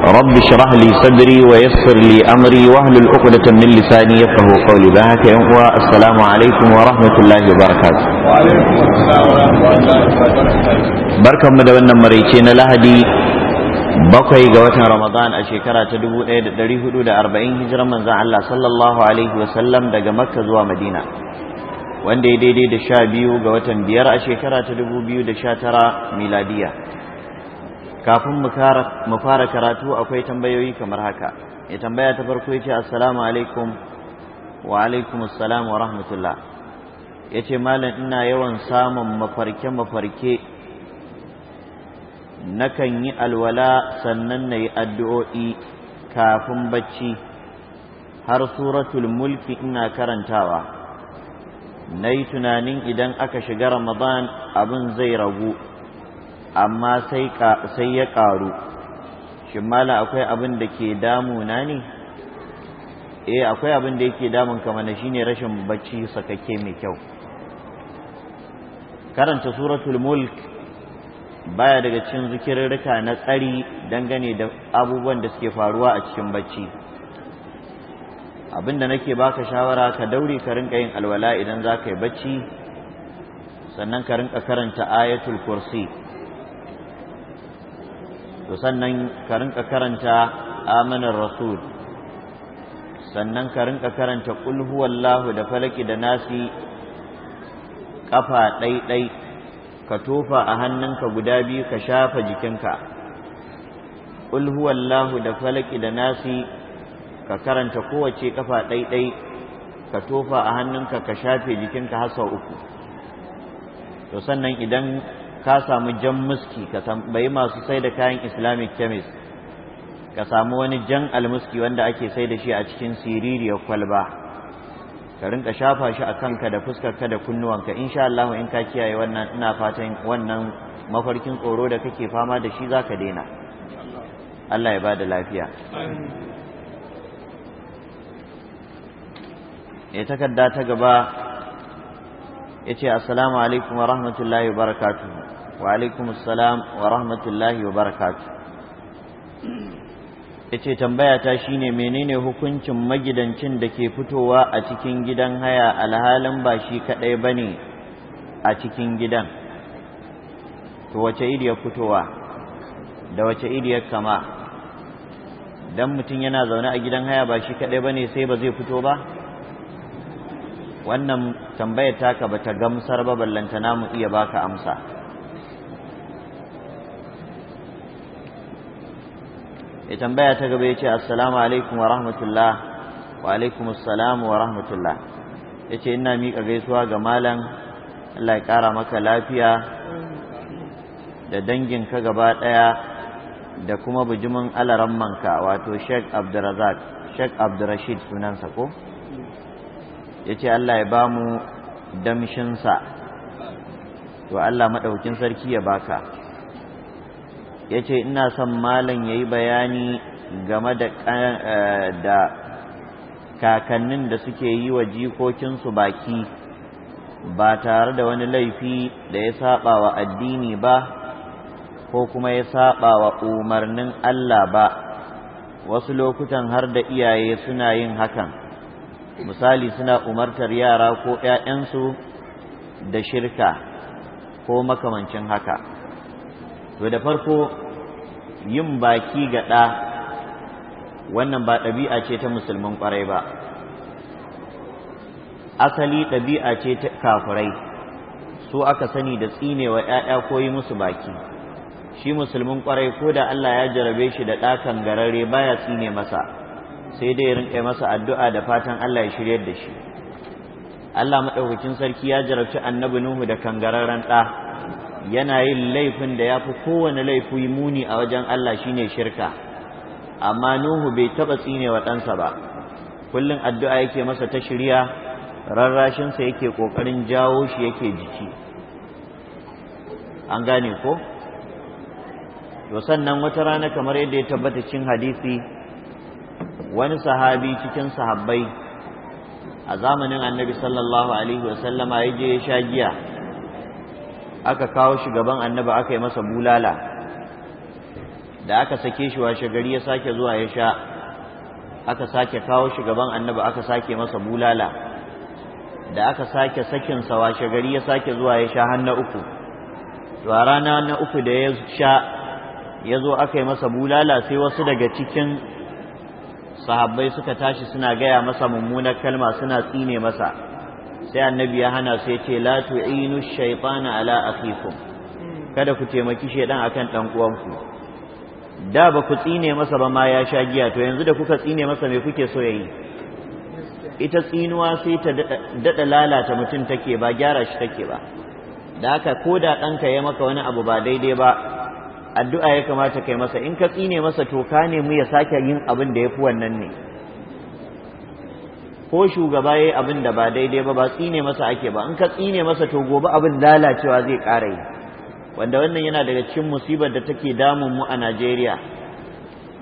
رب اشرح لي صدري ويسر لي امري واهلل عقدة من لساني يفقهوا قولي بهك يا السلام عليكم ورحمة الله وبركاته. وعليكم السلام ورحمة الله da wannan maraice na Lahadi bakwai ga watan Ramadan a shekara ta arba'in hijira manzon Allah sallallahu alaihi wasallam daga Makka zuwa Madina wanda ya daidai da sha biyu ga watan biyar a shekara ta 2019 miladiya kafin mu fara karatu akwai tambayoyi kamar haka ya tambaya ta farko yace assalamu alaikum wa alaikum assalam wa rahmatullah yace malam ina yawan samun mafarke mafarke nakan yi alwala sannan nayi addu'o'i kafin bacci har suratul mulki ina karantawa nayi tunanin idan aka shiga ramadan abin zai ragu amma sai ya ƙaru shin mala akwai abin da ke damuna ne eh akwai abin da yake damun ka mana shine rashin bacci sakake mai kyau karanta suratul mulk baya daga cikin zikirarrika na tsari dangane da abubuwan da suke faruwa a cikin bacci abinda nake baka shawara ka daure ka rinka yin alwala idan za ka yi bacci sannan ka rinka karanta ayatul kursi to sannan ka rinka karanta amanar rasul sannan ka rinka karanta qul huwallahu da falaki da nasi kafa ɗaiɗai ka tofa a hannunka guda biyu ka shafa jikinka qul huwallahu da falaki da nasi ka karanta kowace kafa ɗaiɗai ka tofa a hannunka ka shafe jikinka har sau uku to sannan idan ka samu jan muski ka tambayi masu sai da kayan islamic chemist ka samu wani jan almuski wanda ake sai da shi a cikin siriri siririyar kwalba ka rinka shafa shi a kanka da fuskar ka da kunnuwanka insha Allah in ka kiyaye wannan ina fatan wannan mafarkin tsoro da kake fama da shi zaka daina Allah ya bada lafiya ya takarda ta gaba ya ce assalamu alaikum wa rahmatullahi wa barakatuhu وعليكم السلام ورحمة الله وبركاته ita tambaya ta shine menene hukuncin magidancin da ke fitowa a cikin gidan haya alhalin ba shi kadai bane a cikin gidan to wace iriyar fitowa da wace iriyar kama dan mutum yana zaune a gidan haya ba shi kadai bane sai ba zai fito ba wannan tambayar taka bata gamsar ba ballantana mu iya baka amsa ya tambaya ta gaba ya ce assalamu alaikum wa rahmatullah wa alaikum assalamu wa rahmatullah ya ce ina miƙa gaisuwa ga malam Allah ya ƙara maka lafiya da danginka gaba ɗaya da kuma bijimin alaran manka wato Sheikh Abdurrazak sheik Abdurrashid sunansa ko ya ce Allah ya ba mu damshinsa to Allah maɗaukin sarki ya baka ya ce ina son malam ya yi bayani game eh, da kakannin da suke yi wa jikokinsu baki ba tare da wani laifi da ya saba wa addini ba ko kuma ya saba wa umarnin Allah ba wasu lokutan har da iyaye suna yin hakan misali suna umartar yara ko 'ya'yansu da shirka ko makamancin haka to da farko yin baki ga ɗa wannan ba ɗabi'a ce ta musulman ƙwarai ba asali ɗabi'a ce ta kafirai su aka sani da tsinewa ‘ya'ya ko yi musu baki shi musulmin ƙwarai ko da Allah ya jarabe shi da ɗakan garare baya tsine masa sai dai rinƙe masa addu'a da fatan Allah ya shiryar da shi Allah maɗaukakin sarki ya jarabci annabi Nuhu da kangararren ɗa yana yin laifin da ya fi kowane laifi muni a wajen Allah shine shirka amma Nuhu bai taɓa tsine wa ɗansa ba kullum addu'a yake masa ta shirya rarrashinsa yake ƙoƙarin jawo shi yake jiki an gane ko to sannan wata rana kamar yadda ya tabbata cin hadisi wani sahabi cikin sahabbai a zamanin annabi sallallahu alaihi wasallama ya je ya sha giya aka kawo shi gaban annabi aka yi masa bulala da aka sake shi washe gari ya sake zuwa ya sha aka sake kawo shi gaban aka sake masa bulala da aka sake sakinsa washe gari ya sake zuwa ya sha har na uku to a rana na uku da ya sha ya zo aka yi masa bulala sai wasu daga cikin sahabbai suka tashi suna gaya masa mummunar kalma suna tsine masa sai annabi ya hana su yace la tu'inu shaytana ala akhikum kada ku taimaki shaydan akan dan uwanku da ba ku tsine masa ba ma ya sha giya to yanzu da kuka tsine masa me kuke so yayi ita tsinuwa sai ta dada lalata mutum take ba gyara shi take ba da haka ko da ɗanka ya maka wani abu ba daidai ba addu'a ya kamata kai masa in ka tsine masa to ka nemi ya sake yin abin da ya fi wannan ne ko shugaba yayi abin da ba daidai ba ba tsine masa ake ba in ka tsine masa to gobe abin lalacewa zai ƙara yi wanda wannan yana daga cikin musibar da take damun mu a Najeriya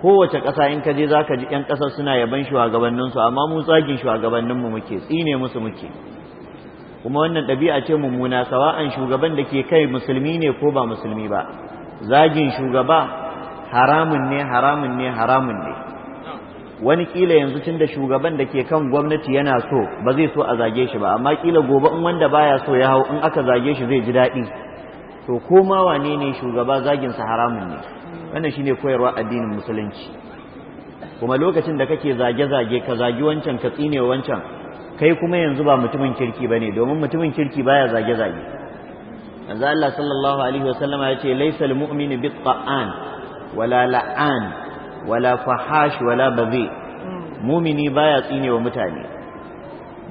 kowace ƙasa in ka je za ka ji 'yan ƙasar suna yaban su amma mu tsagin mu muke tsine musu muke kuma wannan ɗabi'a ce mummuna sawa'an shugaban da ke kai musulmi ne ko ba musulmi ba zagin shugaba haramun ne haramun ne haramun ne wani kila yanzu tunda shugaban da ke kan gwamnati yana so ba zai so a zage shi ba amma kila gobe in wanda baya so ya hau in aka zage shi zai ji daɗi to ko ma wane ne shugaba zagin sa haramun ne wannan shine koyarwa addinin musulunci kuma lokacin da kake zage-zage ka zagi wancan ka tsine wancan kai kuma yanzu ba mutumin kirki bane domin mutumin kirki baya zage-zage manzo Allah sallallahu alaihi wasallama ya ce laysal mu'minu bit-ta'an wala la'an wala fahash wala bazi hmm. mumini baya tsine wa mutane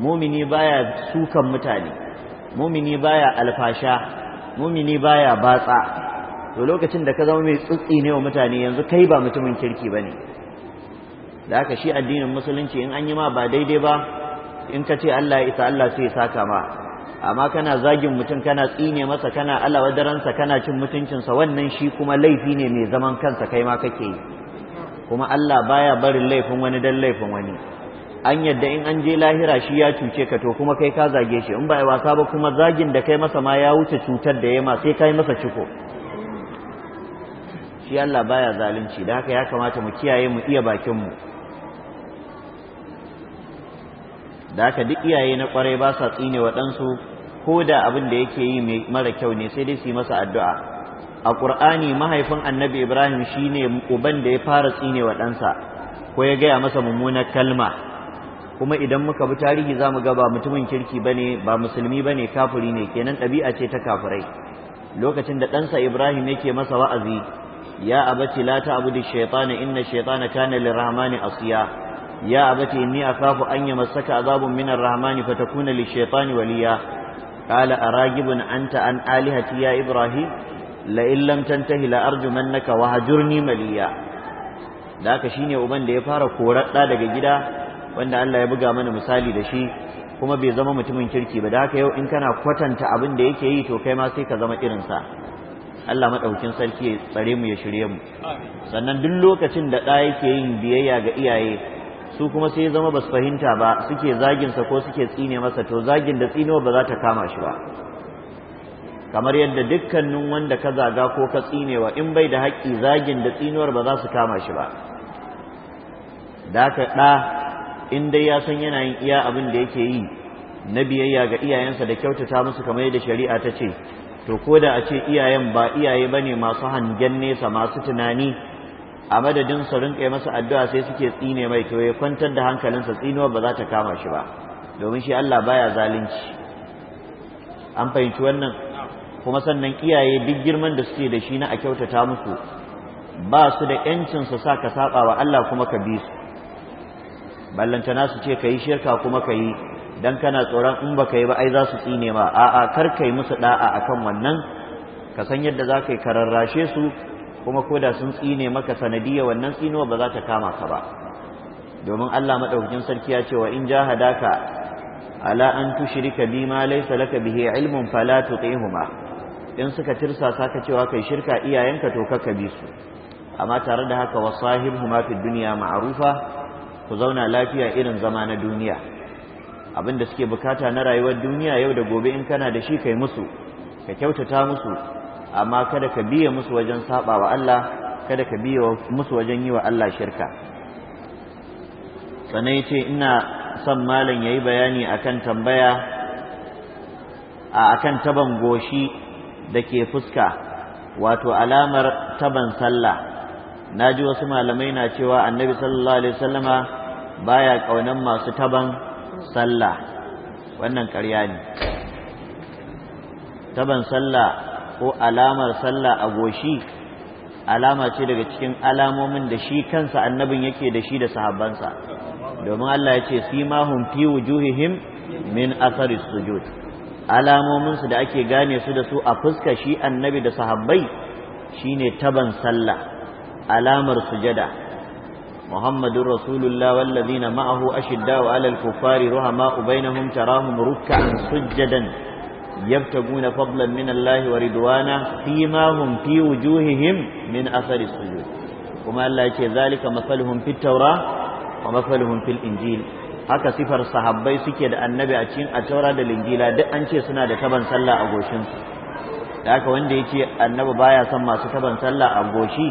mumini baya sukan mutane mumini baya alfasha mumini baya batsa to lokacin da ka zama mai tsitsine wa mutane yanzu kai ba mutumin kirki bane da haka shi addinin musulunci in an yi ma ba daidai ba in ka ce Allah ya isa Allah sai saka ma amma kana zagin mutum kana tsine masa kana alawadaransa kana cin mutuncinsa wannan shi kuma laifi ne mai zaman kansa kai ma kake yi kuma Allah baya barin laifin wani dan laifin wani an yadda in an je lahira shi ya cuce ka to kuma kai ka zage shi in ba wasa ba kuma zagin da kai masa ma ya wuce cutar da ya ma sai kai masa ciko shi Allah baya zalunci da haka ya kamata mu kiyaye mu iya bakin mu da haka duk iyaye na kwarai ba sa tsine wa dan ko da abin da yake yi mara kyau ne sai dai su yi masa addu'a a ƙur'ani mahaifin annabi ibrahim shine uban da ya fara tsine wa ɗansa ko ya gaya masa mummunar kalma kuma idan muka bi tarihi za mu ga mutumin kirki bane ba musulmi bane kafuri ne kenan ɗabi'a ce ta kafurai. lokacin da ɗansa ibrahim yake masa wa'azi ya abati la ya shaytana inna shaytana kana lirrahmani asiya يا أبت إني أخاف أن يمسك عذاب من الرحمن فتكون للشيطان waliya قال أراجب أنت an alihati ya Ibrahim? la illam tantahi la na wa hajurni maliya da haka shine uban da ya fara korar da daga gida wanda Allah ya buga mana misali da shi kuma bai zama mutumin kirki ba da haka yau in kana kwatanta abin da yake yi to kai ma sai ka zama irin sa Allah madaukin sarki ya tsare mu ya shirye mu sannan duk lokacin da da yake yin biyayya ga iyaye su kuma sai zama basu fahimta ba suke zagin sa ko suke tsine masa to zagin da tsinewa ba za ta kama shi ba kamar yadda dukkanin wanda ka zaga ko ka tsinewa in bai da haƙƙi zagin da tsinuwar ba za su kama shi ba da haka ɗa in dai ya san yana yin iya abin da yake yi na biyayya ga iyayensa da kyautata musu kamar yadda shari'a ta ce to ko da a ce iyayen ba iyaye ba ne masu hangen nesa masu tunani a madadin su rinƙa masa addu'a sai suke tsine mai to ya kwantar da hankalinsa tsinuwar ba za ta kama shi ba domin shi Allah baya zalunci an fahimci wannan kuma sannan iyaye duk girman da suke da shi na a kyautata musu ba su da yancin su sa ka saba wa Allah kuma ka bi su na su ce ka yi shirka kuma ka yi dan kana tsoron in ba ka yi ba ai za su tsine ma a'a kar ka yi musu da'a akan wannan ka san yadda za ka yi kararrashe su kuma ko da sun tsine maka sanadiyya wannan tsinuwa ba za ta kama ka ba domin Allah madaukakin sarki ya ce wa in jahadaka ala an tushrika bima laysa laka bihi ilmun fala tuqihuma in suka tirsasa ka cewa kai shirka iyayenka to ka bi su amma tare da haka wa sahibhuma fi dunya ma'rufa ku zauna lafiya irin zama na duniya abin da suke bukata na rayuwar duniya yau da gobe in kana da shi kai musu ka kyautata musu amma kada ka biye musu wajen saba wa Allah kada ka biye musu wajen yi wa Allah shirka sannan yace ina son malam yayi bayani akan tambaya a akan taban goshi da ke fuska wato alamar taban sallah na ji wasu malamai na cewa annabi sallallahu alaihi wasallama baya kaunan masu taban sallah wannan ƙarya ne taban sallah ko alamar sallah a goshi alama ce daga cikin alamomin da shi kansa annabin yake da shi da sahabbansa domin Allah ya ce hum fi wujuhihim min asari sujud alamominsu da ake gane su da su a fuska shi annabi da sahabbai shine taban sallah alamar sujada muhammadun rasulullah wallazina ma'ahu ashiddau alal kuffari ruhama'u bainahum tarahum ruk'an sujjadan yabtaguna fadlan minallahi wa ridwana fima hum fi wujuhihim min athari sujud kuma Allah yake zalika masaluhum fit tawra wa masaluhum fil injil haka sifar sahabbai suke da annabi a cikin taura da lingila duk an ce suna da taban sallah a goshinsu da haka wanda ya ce annabi baya son masu taban sallah a goshi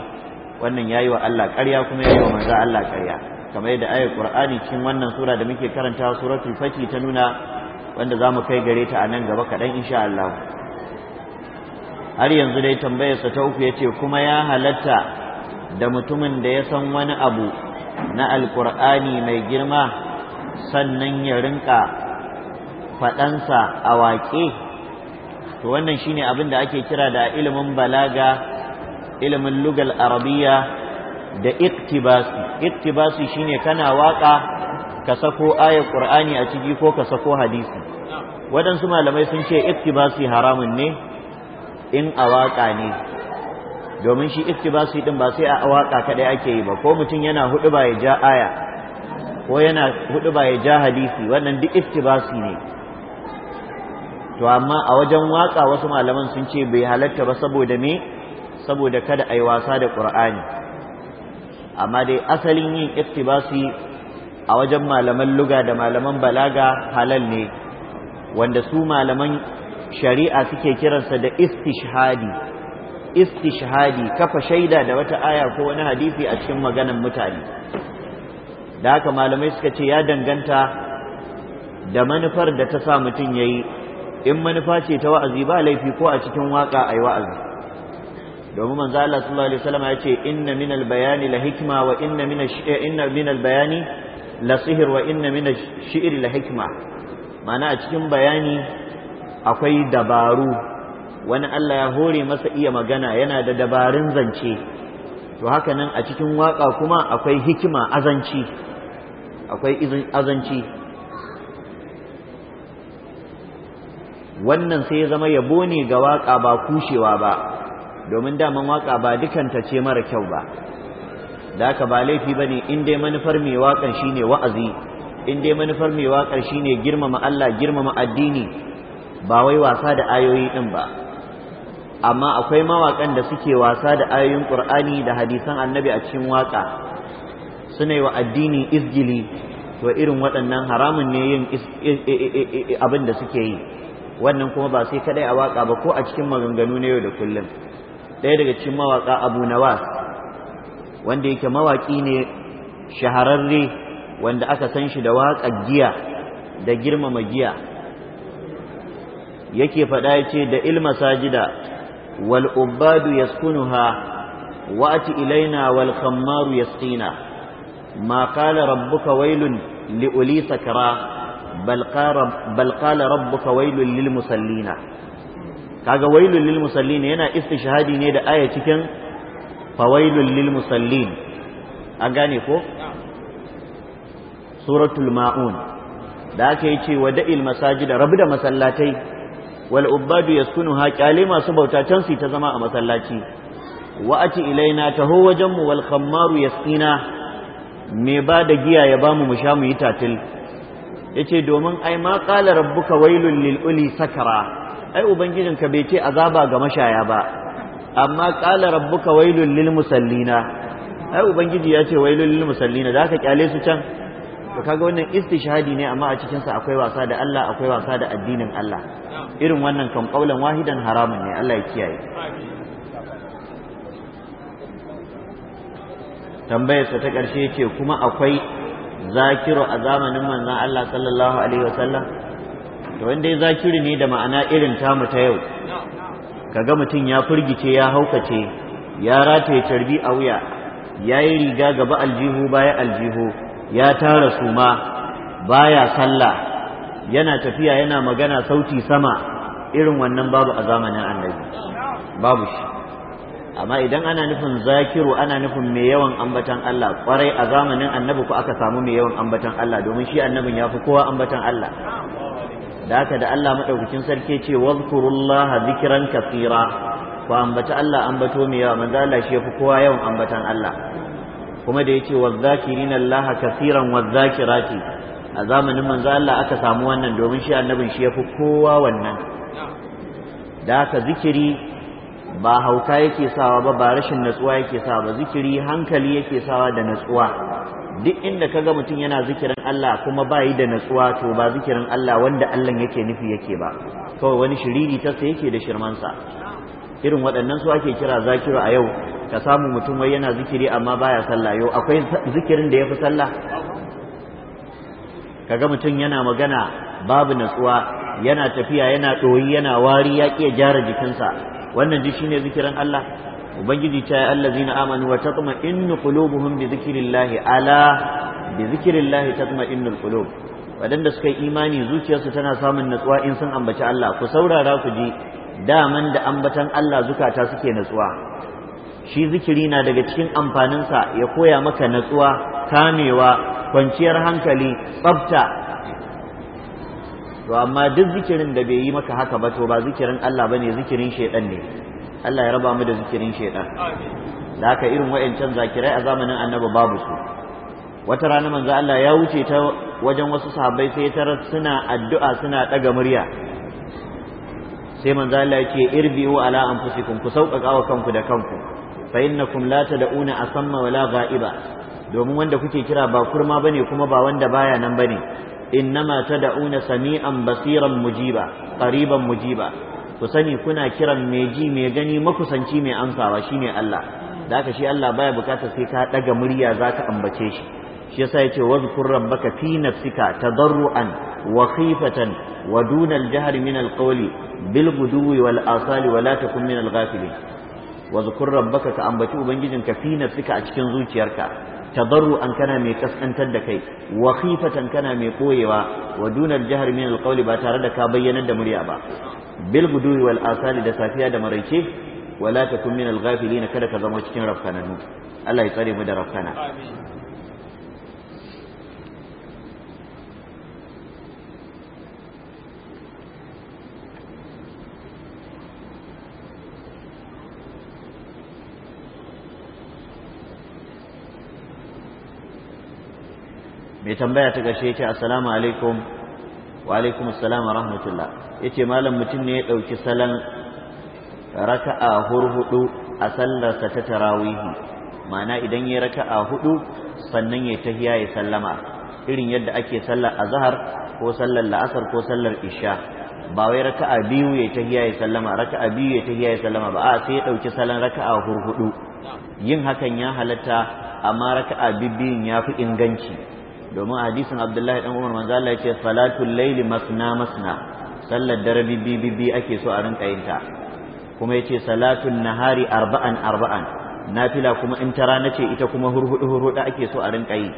wannan yayi wa Allah ƙarya kuma yayi wa manzo Allah ƙarya kamar yadda ayar Qur'ani cikin wannan sura da muke karantawa suratul fati ta nuna wanda zamu kai gare ta a nan gaba kaɗan insha Allah har yanzu dai tambayarsa ta uku ce kuma ya halatta da mutumin da ya san wani abu na alkur'ani mai girma sannan ya rinka faɗansa a waƙe to wannan shine abin da ake kira da ilimin balaga ilimin lugal arabiya da iktibasi iktibasi shine kana waƙa ka sako ayar qur'ani a ciki ko ka sako hadisi waɗansu malamai sun ce iktibasi haramun ne in a waƙa ne domin shi iktibasi din ba sai a waƙa kaɗai ake yi ba ko mutum yana huɗu ba ya ja aya ko yana hudu ba ya ja hadisi wannan duk iftibasi ne to amma a wajen waka wasu malaman sun ce bai halatta ba saboda me saboda kada a yi wasa da qur'ani amma dai asalin yin iftibasi a wajen malaman luga da malaman balaga halal ne wanda su malaman shari'a suke kiransa da istishhadi istishhadi kafa shaida da wata aya ko wani hadisi a cikin maganan mutane da haka malamai suka ce ya danganta da manufar da ta sa mutum ya yi in manufa ce ta wa'azi ba laifi ko a cikin waƙa a yi wa'azi domin manzo Allah sallallahu alaihi wasallam ya ce inna minal bayani la hikma wa inna min eh, inna minal bayani la sihr wa inna min ash la hikma ma'ana a cikin bayani akwai dabaru wani Allah ya hore masa iya magana yana da dabarun zance to haka nan a cikin waƙa kuma akwai hikima azanci akwai azanci wannan sai ya zama yabo ne ga waƙa ba kushewa ba domin daman waka ba dukanta ce mara kyau ba da ka ba laifi ba ne in dai manufar mai waƙar shine wa'azi in dai manufar mai waƙar shine girmama Allah girmama addini ba wai wasa da ayoyi ɗin ba amma akwai mawaƙan da suke wasa da ayoyin ƙur'ani da hadisan annabi a cikin waƙa suna yi wa addini izgili to irin waɗannan haramun ne yin abin da suke yi wannan kuma ba sai kadai a waka ba ko a cikin maganganu na yau da kullum ɗaya daga cikin mawaka abu nawas wanda yake mawaki ne shahararre wanda aka san shi da waƙa giya da girmama giya yake faɗa ya ce da ilma sajida wal ubadu yaskunuha wa'ati ilaina wal khammaru yasqina ما قال ربك ويل لأولي سكرى بل قال, بل قال ربك ويل للمصلين kaga wailul lil musallin yana istishhadi ne da aya cikin fawailul lil musallin an gane ko suratul maun da aka yi ce wa da'il masajida rabu da masallatai wal ubbadu yaskunuha kyale masu bauta can ta zama a masallaci wa ati ilaina taho wajen mu wal me ba da giya ya ba mu sha mu yi tatil yace domin ai ma qala rabbuka wailul lil uli sakara ai ubangijinka bai ce azaba ga mashaya ba amma qala rabbuka wailul lil musallina ai ubangiji ya ce wailul lil musallina da aka kyale su can to kaga wannan istishhadi ne amma a cikin sa akwai wasa da Allah akwai wasa da addinin Allah irin wannan kan kaulan wahidan haramun ne Allah ya kiyaye tambayarsa ta ƙarshe ce kuma akwai zakiru a zamanin manzon Allah sallallahu alaihi wasallam to wanda ya zakiru ne da ma'ana irin tamu ta yau kaga mutum ya furgice ya haukace ya rataye tarbi a wuya ya yi riga gaba aljihu baya aljihu ya tara suma baya sallah yana tafiya yana magana sauti sama irin wannan babu a zamanin annabi babu shi amma idan ana nufin zakiru ana nufin mai yawan ambatan Allah kwarai a zamanin annabi ko aka samu mai yawan ambatan Allah domin shi annabin ya fi kowa ambatan Allah da haka da Allah madaukakin sarki ce wazkurullaha zikran kasira ku ambata Allah ambato mai yawa manzo Allah shi ya fi kowa yawan ambatan Allah kuma da yace wazakirin Allah kathiran wazakirati a zamanin manzo Allah aka samu wannan domin shi annabin shi ya fi kowa wannan da haka zikiri ba hauka yake sawa ba ba rashin natsuwa yake sawa ba zikiri hankali yake sawa da natsuwa duk inda kaga mutum yana zikirin Allah kuma ba yi da natsuwa to ba zikirin Allah wanda Allah yake nufi yake ba kawai wani shiriri ta sai yake da shirmansa irin waɗannan su ake kira zakiru a yau ka samu mutum wai yana zikiri amma baya sallah yau akwai zikirin da yafi sallah kaga mutum yana magana babu natsuwa yana tafiya yana ɗoyi yana wari ya ƙi gyara jikinsa wannan duk shine zikirin Allah ubangiji ta ya allazina amanu wa tatma'innu qulubuhum bi zikrillahi ala bi zikrillahi tatma'innul qulub wadanda suka yi imani zuciyarsu tana samun natsuwa in sun ambaci Allah ku saurara ku ji daman da ambatan Allah zukata suke natsuwa shi zikiri na daga cikin amfaninsa ya koya maka natsuwa kamewa kwanciyar hankali tsafta to amma duk zikirin da bai yi maka haka ba to ba zikirin Allah bane zikirin shedan ne Allah ya raba mu da zikirin shedan da haka irin wayancan zakirai a zamanin annabi babu su wata rana manzo Allah ya wuce ta wajen wasu sahabbai sai tara suna addu'a suna daga murya sai manzo Allah yake irbiu ala anfusikum ku sauƙaƙa wa kanku da kanku fa innakum la tad'una asamma wala ghaiba domin wanda kuke kira ba kurma bane kuma ba wanda baya nan bane innama tad'una sami'an basiran mujiba qariban mujiba ku sani kuna kiran mai ji mai gani makusanci mai amsawa shine Allah da haka shi Allah baya bukata sai ka daga murya zaka ambace shi shi yasa yace wazkur rabbaka fi nafsika tadarruan wa khifatan wa dun al-jahri min al bil ghuduwi wal asali wa la takun min al wazkur rabbaka ka ambaci ubangijinka fi nafsika a cikin zuciyarka tadarru'an kana mai kaskantar da kai wa khifatan kana mai koyewa wa dunar jihar min alqawli ba tare da ka bayyanar da murya ba bil guduwi wal asali da safiya da maraice wala takun min al kada ka zama cikin rafkananu Allah ya tsare mu da rafkana amin mai tambaya ta gashe ce assalamu alaikum wa alaikum assalam wa rahmatullah yace malam mutum ne ya dauki salan raka'a hurhudu a sallarsa ta tarawihi ma'ana idan ya raka'a hudu sannan ya tahiya ya sallama irin yadda ake sallar azhar ko sallar la'asar ko sallar isha ba wai raka'a biyu ya tahiya ya sallama raka'a biyu ya tahiya ya sallama ba a sai ya dauki salon raka'a hurhudu yin hakan ya halatta amma raka'a bibbiyin ya fi inganci domin hadisin abdullahi dan umar manzo Allah yace salatul layli masna masna sallar dare bi bi ake so a rinka yin ta kuma yace salatul nahari arba'an arba'an nafila kuma in ta rana ce ita kuma hurhudu hurhudu ake so a rinka yi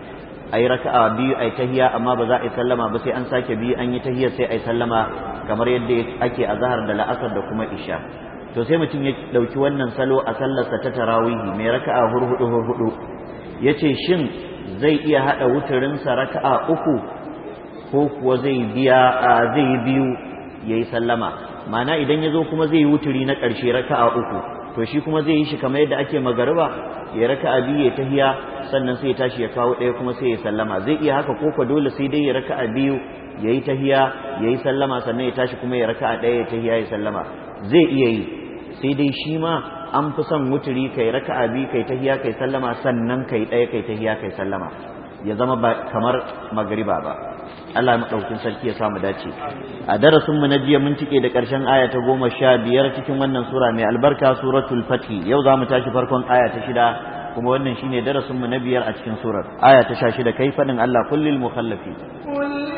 ai raka'a biyu ai tahiya amma ba za a yi sallama ba sai an sake biyu an yi tahiya sai ai sallama kamar yadda ake azhar da la'asar da kuma isha to sai mutum ya dauki wannan salo a sallarsa ta tarawihi mai raka'a hurhudu hurhudu yace shin zai iya haɗa wuturinsa raka'a uku ko kuwa zai biya zai biyu yayi sallama mana idan ya zo kuma zai yi wuturi na ƙarshe raka'a uku to shi kuma zai yi shi kamar yadda ake magariba ya raka'a biyu ya tahiya sannan sai ya tashi ya kawo ɗaya kuma sai ya sallama zai iya haka ko dole sai dai ya raka'a biyu ya yi tahiya ya yi sallama sannan ya tashi kuma ya raka'a ɗaya ya tahiya ya sallama zai iya yi sai dai shi ma an fi son wuturi kai raka'a biyu kai tahiya kai sallama sannan kai ɗaya kai tahiya kai sallama ya zama ba kamar magariba ba Allah maɗaukin sarki ya samu dace a darasin mu na jiya mun cike da ƙarshen aya ta goma sha biyar cikin wannan sura mai albarka suratul fati yau za mu tashi farkon aya ta shida kuma wannan shine darasin mu na biyar a cikin surar aya ta sha shida kai faɗin Allah kullil mukhallafi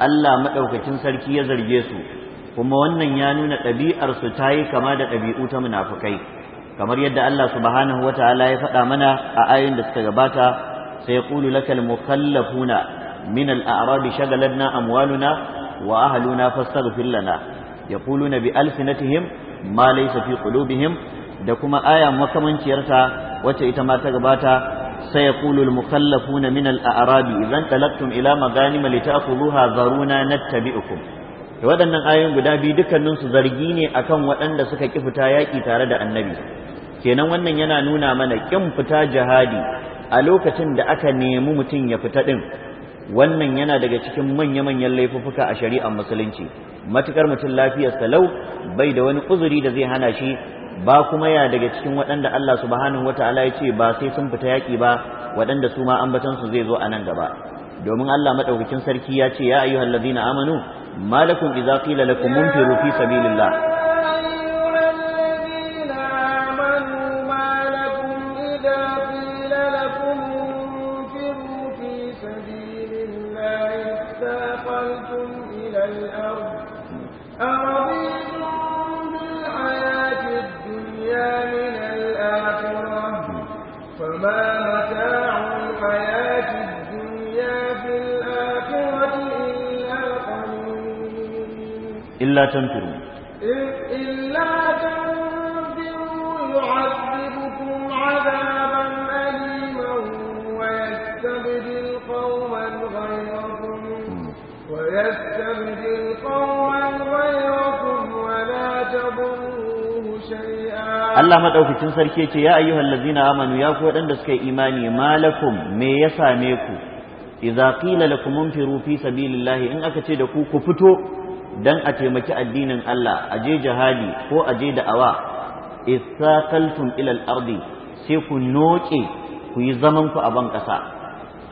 Allah maɗaukacin sarki ya zarge su kuma wannan ya nuna ɗabi'ar su ta yi kama da ɗabi'u ta munafukai kamar yadda Allah subhanahu wa ta'ala ya faɗa mana a ayoyin da suka gabata sai ya qulu lakal mukallafuna min al-a'rab shagalanna amwaluna wa ahluna fastaghfir lana yaquluna bi alsinatihim ma laysa fi qulubihim da kuma aya makamanciyarta wacce ita ma ta gabata سيقول المخلفون من الأعراب إذا انطلقتم إلى مغانم لتأخذوها ذرونا نتبعكم waɗannan ayoyin guda biyu dukkaninsu zargi ne akan waɗanda suka ƙi fita yaƙi tare da annabi kenan wannan yana nuna mana ƙin fita jihadi a lokacin da aka nemi mutum ya fita ɗin wannan yana daga cikin manya-manyan laifuffuka a shari'ar musulunci matuƙar mutum lafiyarsa lau bai da wani uzuri da zai hana shi ba kuma ya daga cikin waɗanda Allah subhanahu wata'ala ya ce ba sai sun fita yaƙi ba waɗanda su ma ambatan su zai zo a nan gaba domin Allah madaukakin sarki ya ce ya ayyuhallazina amanu malakum idza qila lakum munfiru fi sabilillah illa tanfiru illa tanfiru yu'adzibukum 'adaban aliman wa yastabdil qauman ghayrakum wa yastabdil qauman ghayrakum wa Allah madaukakin sarki yace ya ayyuhal ladzina amanu ya ku wadanda suka yi imani malakum me ya same ku idza qila lakum unfiru fi sabilillahi in aka ce da ku ku fito dan a taimaki addinin Allah a je jihadi ko a je da'awa istaqaltum ila al-ardi sai ku noke ku yi zaman ku a ban kasa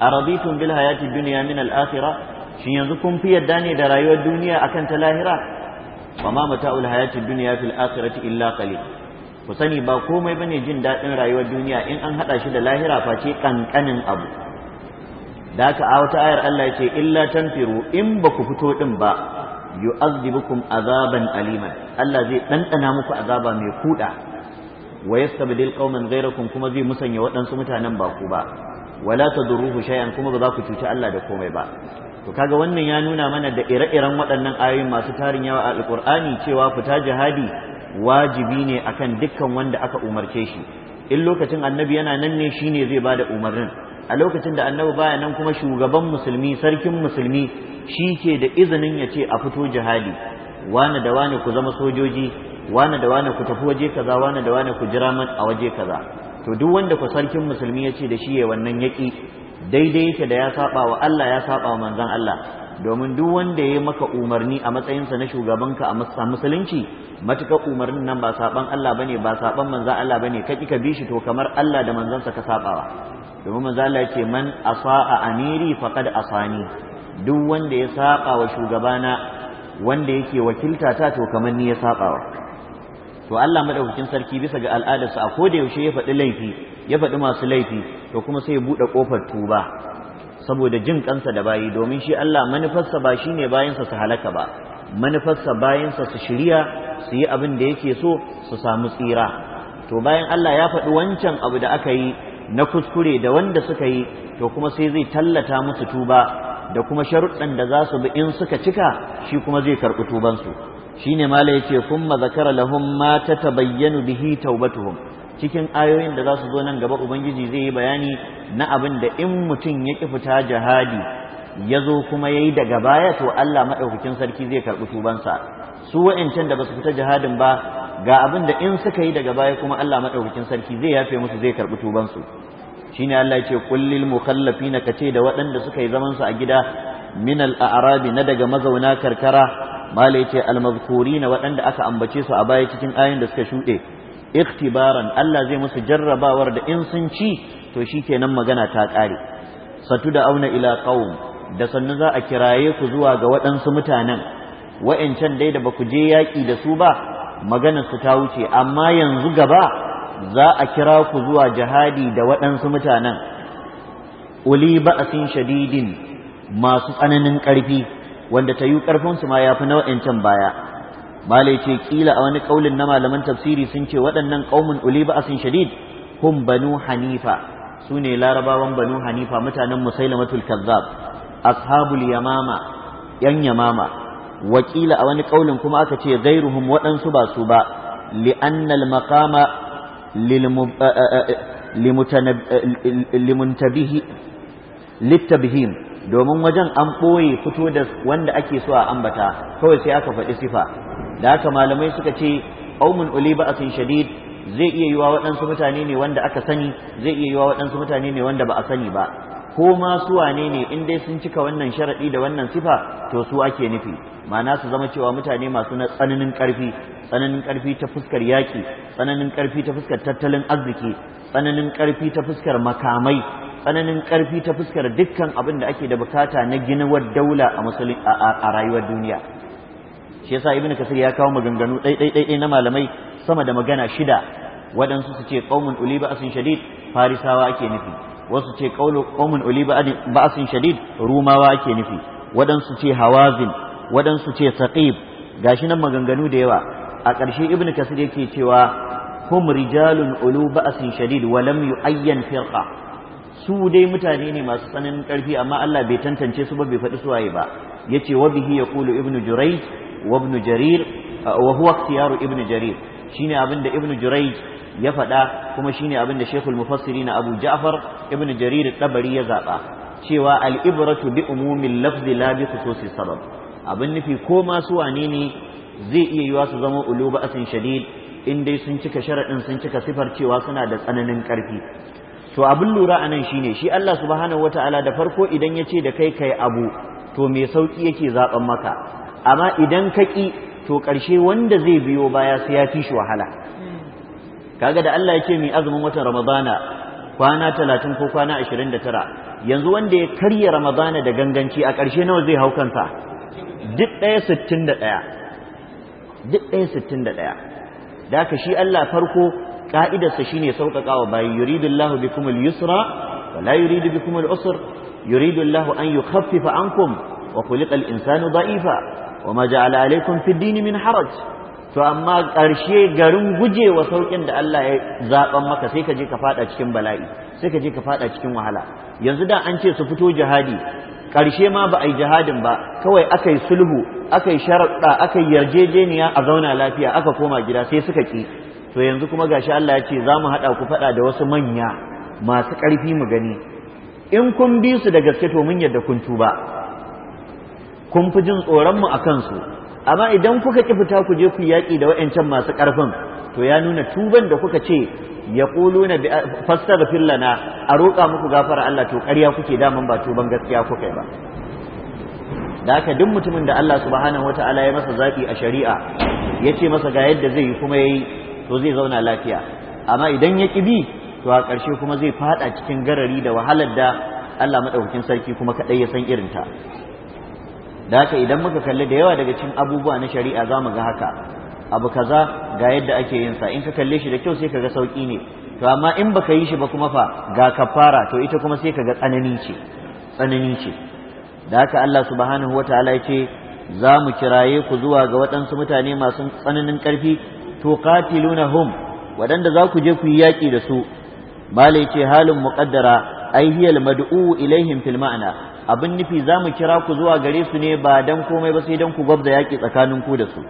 arabitum bil hayati dunya min al-akhirah shin yanzu kun fi yadda ne da rayuwar duniya akan ta lahira wa ma mata'ul hayati dunya fil akhirati illa qalil ku sani ba komai bane jin daɗin rayuwar duniya in an hada shi da lahira face kankanin abu da haka a wata ayar Allah ya ce illa tanfiru in ba ku fito din ba yu'adhibukum azaban aliman Allah zai ɗanɗana muku azaba mai kuɗa wa yastabdil qauman ghayrakum kuma zai musanya waɗansu mutanen ba ku ba wala tadruhu shay'an kuma ba za ku cuci Allah da komai ba to kaga wannan ya nuna mana da ire-iren waɗannan ayoyin masu tarin yawa a alqur'ani cewa fita jihadi wajibi ne akan dukkan wanda aka umarce shi in lokacin annabi yana nan ne shine zai bada umarnin a lokacin da annabi baya nan kuma shugaban musulmi sarkin musulmi shi ke da izinin ya ce a fito jihadi wane da wani ku zama sojoji wane da wani ku tafi waje kaza wane da wani ku jira man a waje kaza to duk wanda ku sarkin musulmi ya ce da shi ya wannan yaƙi daidai yake da ya saba wa Allah ya saba wa manzon Allah domin duk wanda ya maka umarni a matsayinsa na shugaban ka a musulunci matuƙar umarnin nan ba saban Allah bane ba saban manzon Allah bane ka ka bi shi to kamar Allah da manzansa ka wa domin maza Allah yake man asaa amiri faqad asani duk wanda ya saƙa wa shugabana wanda yake wakilta ta to kamar ni ya wa. to Allah madaukakin sarki bisa ga al'adarsa a da yaushe ya faɗi laifi ya faɗi masu laifi to kuma sai ya buɗe ƙofar tuba saboda jin kansa da bayi domin shi Allah manufarsa ba shine bayansa su halaka ba manufarsa bayansa su shirya su yi abin da yake so su samu tsira to bayan Allah ya faɗi wancan abu da aka yi na kuskure da wanda suka yi to kuma sai zai tallata musu tuba da kuma sharuɗan da za su bi in suka cika shi kuma zai karɓi tubansu Shi ne mala yace ma zakara lahum ma tabayyanu bihi taubatuhum cikin ayoyin da za su zo nan gaba ubangiji zai yi bayani na abin da in mutum ya ƙi fita jihadi ya zo kuma ya yi daga baya to Allah maɗaukakin sarki zai karɓi tubansa su wa'incan da ba su fita jihadin ba ga abin da in suka yi daga baya kuma Allah madaukakin sarki zai yafe musu zai karɓi tubansu su shine Allah ya ce kullil na kace da waɗanda suka yi zaman su a gida min al na daga mazauna karkara mala ce al mazkurina waɗanda aka ambace su a baya cikin ayoyin da suka shuɗe iktibaran Allah zai musu jarrabawar da in sun ci to shi kenan magana ta ƙare satu da auna ila qaum da sannu za a kiraye ku zuwa ga waɗansu mutanen wa'incan dai da ba ku je yaƙi da su ba maganar su ta wuce amma yanzu gaba za a kira ku zuwa jihadi da waɗansu mutanen uli ba'asin shadidin masu tsananin ƙarfi wanda ta yi ƙarfinsu ma ya fi nau'incan baya malai ce kila a wani ƙaulin na malaman tafsiri sun ce waɗannan ƙaumin uli ba'asin shadid hum banu hanifa su ne larabawan banu hanifa mutanen musailamatul kazzab ashabul yamama yan yamama wakila a wani kaulin kuma aka ce gairuhum waɗansu ba su ba li'anna al eh, eh, eh, domin wajen an ɓoye fito da wanda ake so a ambata kawai sai aka faɗi sifa da haka malamai suka ce aumun uli ba'asin shadid zai iya yiwa waɗansu mutane ne wanda aka sani zai iya yiwa waɗansu mutane ne wanda ba a sani ba ko ma su wane ne in dai sun cika wannan sharaɗi da wannan sifa to su ake nufi ma'ana su zama cewa mutane masu na tsananin ƙarfi tsananin ƙarfi ta fuskar yaƙi tsananin ƙarfi ta fuskar tattalin arziki tsananin ƙarfi ta fuskar makamai tsananin ƙarfi ta fuskar dukkan abin da ake da bukata na ginuwar daula a rayuwar duniya shi yasa ibnu kasir ya kawo maganganu ɗai ɗai ɗai na malamai sama da magana shida waɗansu su ce qaumun uliba asin shadid farisawa ake nufi wasu ce qaulu qaumun uli ba'sin shadid rumawa ake nufi wadansu ce hawazin wadansu ce saqib gashi nan maganganu da yawa a ƙarshe ibnu kasir yake cewa hum rijalun ulu ba'sin shadid wa lam yu'ayyan firqa su dai mutane ne masu tsananin ƙarfi amma Allah bai tantance su ba bai faɗi suwaye ba yace wa bihi yaqulu ibnu jurayj wa ibnu jarir wa huwa ibnu jarir shine abinda ibnu jurayj ya faɗa kuma shine abin da Sheikhul na Abu Ja'far Ibn Jarir Tabari ya zaba cewa al-ibratu bi umumil lafzi la bi khususis sabab abin nufi ko ma su wane ne zai iya yiwa su zama uluba asin shadid in dai sun cika sharaɗin sun cika sifar cewa suna da tsananin ƙarfi to abin lura a nan shine shi Allah subhanahu wata'ala da farko idan ya ce da kai kai abu to mai sauƙi yake zaɓen maka amma idan ka ƙi to ƙarshe wanda zai biyo baya sai ya fi shi wahala kaga da Allah ya ce mai azumin watan ramadana kwana 30 ko kwana 29 yanzu wanda ya karya ramadana da ganganci a ƙarshe nawa zai hau kansa duk ɗaya 61 duk ɗaya 61 da ɗaya shi Allah farko ka'idarsa shine sauƙaƙawa bayi yuridullahu al yusra wa la yuridu bikum al usr yuridullahu an yukhaffifa ankum wa khuliqa al-insanu da'ifa wa ma ja'ala alaykum fid din min haraj to amma ƙarshe garin guje wa sauƙin da Allah ya zaɓan maka sai ka je ka faɗa cikin bala'i sai ka je ka faɗa cikin wahala yanzu da an ce su fito jihadi ƙarshe ma ba a yi jihadin ba kawai aka yi sulhu aka yi sharaɗa aka yi yarjejeniya a zauna lafiya aka koma gida sai suka ƙi to yanzu kuma gashi Allah ya ce za mu haɗa ku faɗa da wasu manya masu ƙarfi mu gani in kun bi su da gaske to mun yadda kun tuba kun fi jin tsoronmu a kansu amma idan kuka ki fita ku je ku yaƙi da wa'ancan masu ƙarfin to ya nuna tuban da kuka ce ya na fassara fillana a roƙa muku gafara Allah to ƙarya kuke daman ba tuban gaskiya kuka ba da haka duk mutumin da Allah subhanahu wata'ala ya masa zaɓi a shari'a ya ce masa ga yadda zai yi kuma ya yi to zai zauna lafiya amma idan ya ƙi bi to a ƙarshe kuma zai faɗa cikin garari da wahalar da Allah maɗaukakin sarki kuma kaɗai ya san irinta da haka idan muka kalli da yawa daga cikin abubuwa na shari'a za mu ga haka abu kaza ga yadda ake yin sa in ka kalle shi da kyau sai ka ga sauki ne to amma in baka yi shi ba kuma fa ga kafara to ita kuma sai ka ga tsanani ce tsanani ce da haka Allah subhanahu wataala yace ce za mu kiraye ku zuwa ga waɗansu mutane masu tsananin ƙarfi to qatilunahum waɗanda za ku je ku yi yaƙi da su malai ce halin muqaddara ai hiyal mad'u ilaihim fil ma'na abin nufi za mu kira ku zuwa gare su ne ba don komai ba sai don ku gwabza yaƙi tsakanin ku da su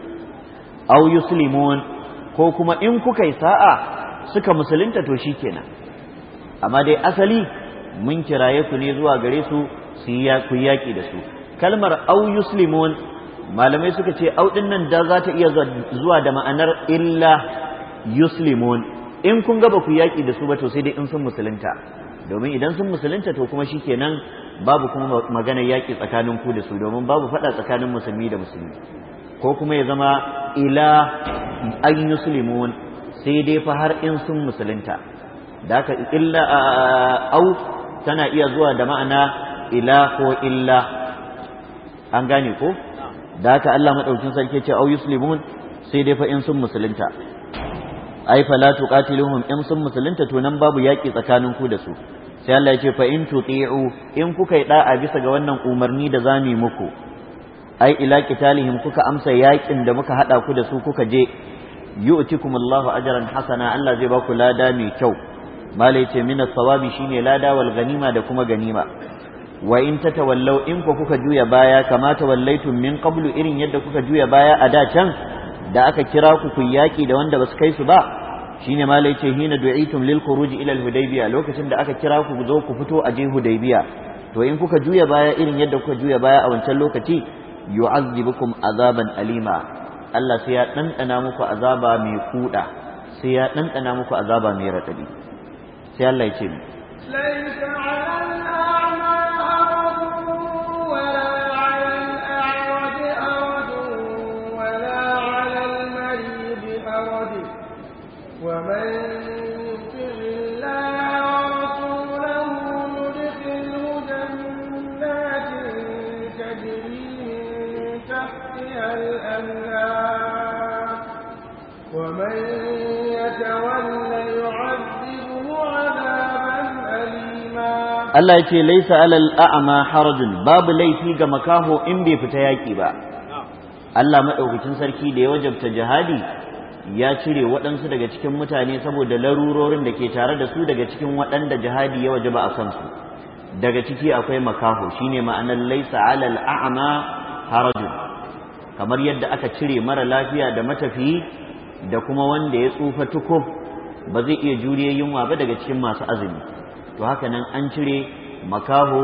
aw yuslimun ko kuma in kuka yi sa'a suka musulunta to shi kenan amma dai asali mun kiraye ku ne zuwa gare su su ku yaƙi da su kalmar aw yuslimun malamai suka ce au din nan da za ta iya zuwa da ma'anar illa yuslimun in kun gaba ku yaƙi da su ba to sai dai in sun musulunta domin idan sun musulunta to kuma shi shikenan babu kuma maganar yaƙi tsakanin ku da su domin babu faɗa tsakanin musulmi da musulmi ko kuma ya zama ila an yuslimun sai dai fa har in sun musulunta da haka illa au tana iya zuwa da ma'ana ila ko illa an gane ko da aka Allah maɗaukin sarki ce au yuslimun sai dai fa in sun musulunta ai fala tuqatiluhum in sun musulunta to nan babu yaƙi tsakanin ku da su sai Allah ya ce fa in tuti'u in kuka yi da'a bisa ga wannan umarni da zamu muku ai ila qitalihim kuka amsa yakin da muka hada ku da su kuka je yu'tikum Allahu ajran hasana Allah zai baku lada mai kyau malai ce min sawabi shine lada wal ganima da kuma ganima wa in tatawallau in ku kuka juya baya kama tawallaitum min qablu irin yadda kuka juya baya a da can da aka kira ku ku yaki da wanda basu kai su ba shi ne malai ce hina du'itum lil khuruj ila al hudaybiya lokacin da aka kira ku zo ku fito a je hudaybiya to in kuka juya baya irin yadda kuka juya baya a wancan lokaci yu'azzibukum azaban alima Allah sai ya dandana muku azaba mai kuda sai ya dandana muku azaba mai radadi sai Allah ya ce laysa Allah ya ce laisa alal a'ma harajun babu laifi ga makaho in bai fita yaki ba Allah maɗaukacin sarki da ya wajabta jihadi ya cire waɗansu daga cikin mutane saboda larurorin da ke tare da su daga cikin waɗanda jihadi ya wajaba a kansu daga ciki akwai makaho shine ma'anar laisa alal a'ma harajun kamar yadda aka cire mara lafiya da matafi da kuma wanda ya tsufa tukuf ba zai iya juriya yunwa ba daga cikin masu azumi to haka nan an cire makaho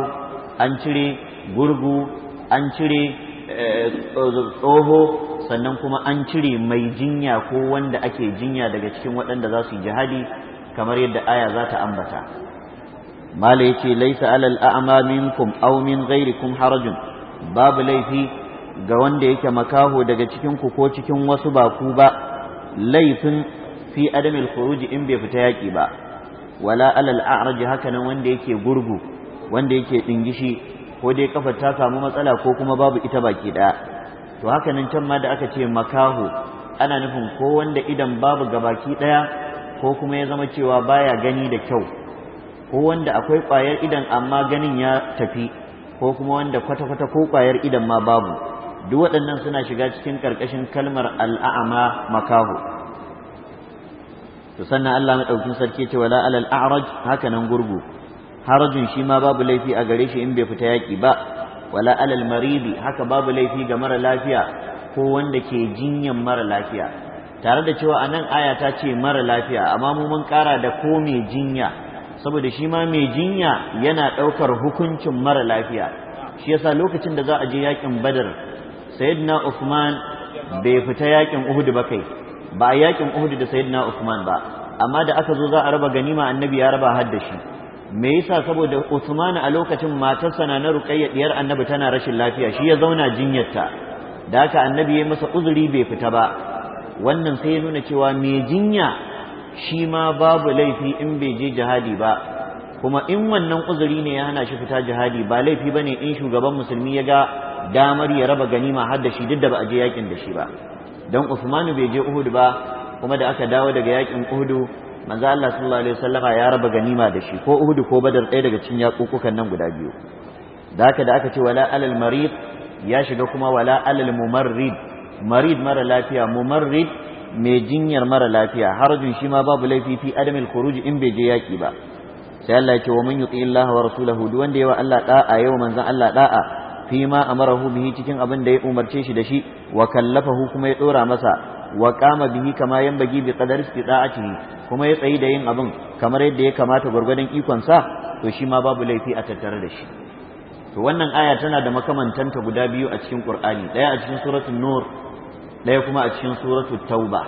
an cire gurgu an cire eh, tsoho sannan kuma an cire mai jinya ko wanda ake jinya daga cikin waɗanda za su jihadi kamar yadda aya za ta ambata mala yace laisa alal a'ma minkum aw min ghairikum harajun babu laifi ga wanda yake makaho daga cikin ku ko cikin wasu ba ku ba laifin fi adamil khuruj in bai fita yaki ba wala alal a'raj haka nan wanda yake gurgu wanda yake dingishi ko dai kafar ta samu matsala ko kuma babu ita baki daya to hakanan nan can ma da aka ce makahu ana nufin ko wanda idan babu gabaki daya ko kuma ya zama cewa baya gani da kyau ko wanda akwai kwayar idan amma ganin ya tafi ko kuma wanda kwata-kwata ko kwayar idan ma babu duk waɗannan suna shiga cikin ƙarƙashin kalmar al'ama makahu to sannan Allah madaukin sarki ce wala alal a'raj haka nan gurgu harajin shi ma babu laifi a gare shi in bai fita yaki ba wala alal maridi haka babu laifi ga mara lafiya ko wanda ke jinyan mara lafiya tare da cewa anan aya ta ce mara lafiya amma mu mun kara da ko mai jinya saboda shi ma mai jinya yana daukar hukuncin mara lafiya shi yasa lokacin da za a je yakin badar sayyidina usman bai fita yakin Uhud ba kai ba a yakin Uhudu da Sayyidina Usman ba amma da aka zo za a raba ganima annabi ya raba har shi me yasa saboda Usman a lokacin matarsa na ruqayya diyar annabi tana rashin lafiya shi ya zauna jinyarta da haka annabi ya masa uzuri bai fita ba wannan sai ya nuna cewa me jinya shi ma babu laifi in bai je jihadi ba kuma in wannan uzuri ne ya hana shi fita jihadi ba laifi bane in shugaban musulmi ya ga damar ya raba ganima har shi duk da ba a je yakin da shi ba don Usmanu bai je Uhud ba kuma da aka dawo daga yakin Uhud manzo Allah sallallahu alaihi wasallama ya raba ganima da shi ko Uhud ko Badar ɗaya daga cikin yakukukan nan guda biyu da haka da aka ce wala alal marid ya shiga kuma wala alal mumarrid marid mara lafiya mumarrid mai jinyar mara lafiya harajin shi ma babu laifi fi adamil khuruj in bai je yaki ba sai Allah ya ce wa man yuti Allah wa rasulahu duk wanda yawa Allah da'a yawa manzon Allah da'a fi ma amarahu bihi cikin abin da ya umarce shi da shi wa kallafahu kuma ya dora masa wa qama bihi kama yanbaghi bi qadar istita'atihi kuma ya tsayi da yin abin kamar yadda ya kamata gurgurdan ikon sa to shi ma babu laifi a tattare da shi to wannan aya tana da makamantanta guda biyu a cikin Qur'ani daya a cikin suratul nur daya kuma a cikin suratul tauba